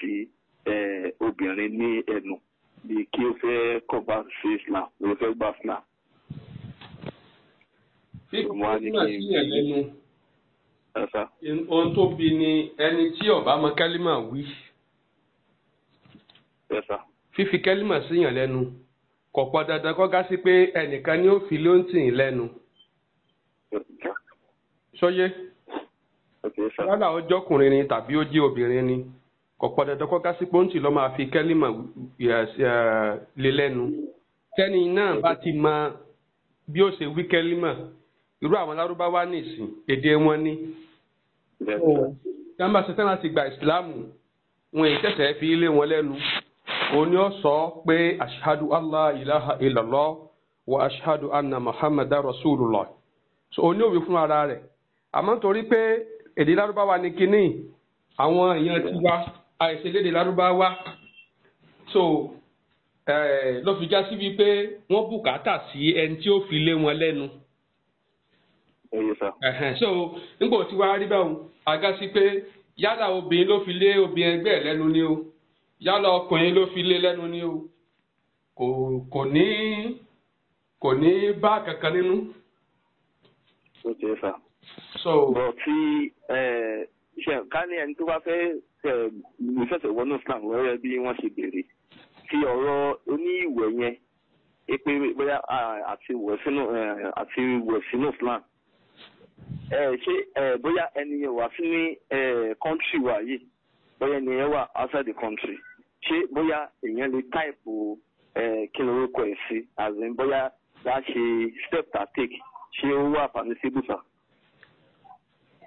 sí obìnrin ní ẹnu bí kí ó fẹ́ kọ́ bá sí islam ló fẹ́ gbà islam. Ohun tó bi ni ẹni tí ọba mọ kálímà wí. Fífi kálímà síyàn lẹ́nu kò pọn dandan kó gá pé ẹnìkan ni ó fi lóńtì lẹ́nu. Sọ́yé. Yálà ó ni tàbí ó jẹ́ obìnrin ni. kò pọn gasị kó gásí pé ó ń tì lọ́ọ́ máa fi kẹ́límà lé lẹ́nu tẹ́ni náà bá ti mọ bí ó ṣe wí kẹ́límà irú àwọn lárúbáwá nìsín èdè wọn ní. tẹ́ńbà gba wọn fi ile ni allah ilaha wa ashadu anna muhammadu rasulullah so o ni ó wí ara rẹ̀ ni àìṣedédé lárúbáwá so eh, ló fi já sí wípé wọ́n bùkátà sí ẹni tí ó fi lé wọn lẹ́nu. so nígbà tí wàá rí báwọn àga sí pé yálà obìnrin ló fi lé obìnrin ẹgbẹ́ ẹ̀ lẹ́nu ni o yálà ọkùnrin ló fi lé lẹ́nu ni o kò kò ní kò ní bá kankan nínú. ó ti fà. so bọ̀ tí. Eh, ká ní ẹni tó bá fẹ́ ìfẹsẹ̀ wọnú Islam lọ́rẹ́ bí wọ́n ṣe béèrè ti ọ̀rọ̀ oníwẹ̀ yẹn pé bóyá àti wẹ̀ sínú Islam ṣé bóyá ẹni yẹn wà sí ní kọ́ńtì wa yìí bóyá ẹni yẹn wà outside the country ṣé bóyá èèyàn lè táìpù kí ni orúkọ ẹ̀ sí àzìn bóyá bá ṣe step ta take ṣé ó wà pàmí sí bùsà.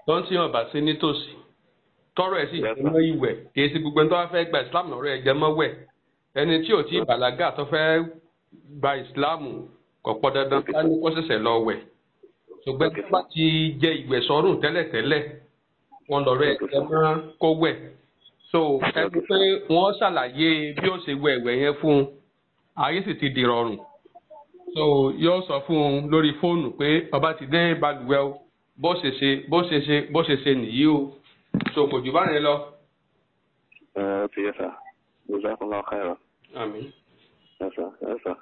lọ́ntì ọ̀bà sí nítòsí tọrọ ẹ sì jẹmọ́ ìwẹ̀ kìí sí gbogbo ẹni tó bá fẹ́ gba islam lọ́rọ̀ ẹ jẹmọ́ wẹ̀ ẹni tí ò tí bàlágà tó fẹ́ gba islam kò pọ̀ dandan ká ní kó ṣẹ̀ṣẹ̀ lọ wẹ̀ ṣùgbọ́n tí wọ́n ti jẹ ìwẹ̀ sọ́rùn tẹ́lẹ̀tẹ́lẹ̀ wọn lọ́rọ̀ ẹ jẹmọ́ kó wẹ̀ so ẹni pé wọ́n ṣàlàyé bí ó ṣe wẹ̀ ìwẹ̀ yẹn fún un ayé sì ti dìrọ̀rùn so yóò sọ fún un lórí fóònù pé ọba ti dé balùwẹ̀ o bó ṣe ṣe bó ṣe ṣe bó ṣe ṣe nìyí o so kò jù báyẹn lọ. ẹ ẹ ti yẹ sà jùlọ kọ́ lọ́ọ́ kẹ́ ẹ rà. ẹ sà ẹ sà.